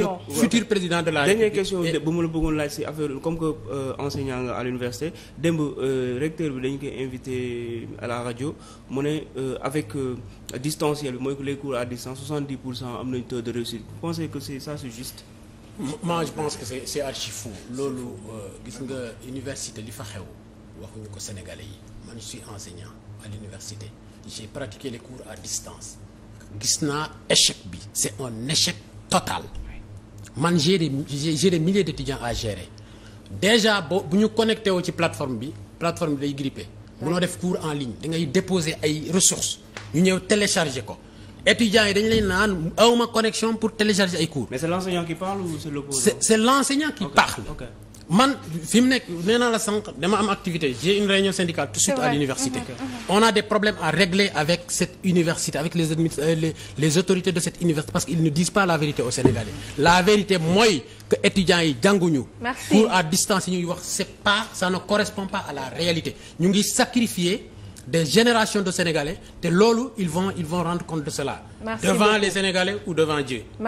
non futur président de la République. dernière question bu ma la bëggoon laaj si affaire comme que euh, enseignant nga à l'université démb euh, recteur bi dañ koy invité à la rajo mu ne euh, avec distanciel bi mooy que les cours à distance 70 pour cent am nañ taux de réussite vous pensez que c'est ça c'est juste. moi je pense que c'est c'est archi loolu gis nga université li fa xew waxuñu ko sénégalais yi man je suis enseignant à l'université j'ai pratiqué les cours à distance gis na échec bi c'est un échec total man j'ai des j'ai des milliers d'étudiants à gérer déjà boo bu ñu connecté woo ci plateforme bi plateforme bi day grippé munoo def cours en ligne da ngay déposer ay ressources ñu ñëw télécharger ko étudiants yi dañu leen naan awma connexion pour télécharger ay cours. mais c'est l'enseignant qui parle ou man fi mu nekk nee naa la sànq dama am activité j'ai une réunion syndicale tout de suite à l'université mm-hmm, mm-hmm. on a des problèmes à régler avec cette université avec les euh, les les autorités de cette université parce qu'ils ne disent pas la vérité aux Sénégalais la vérité mooy que étudiants yi jànguñu pour à distance yi ñuy wax c'est pas ça ne correspond pas à la réalité ñu ngi sacrifier des générations de Sénégalais te loolu ils vont ils vont rendre compte de cela devant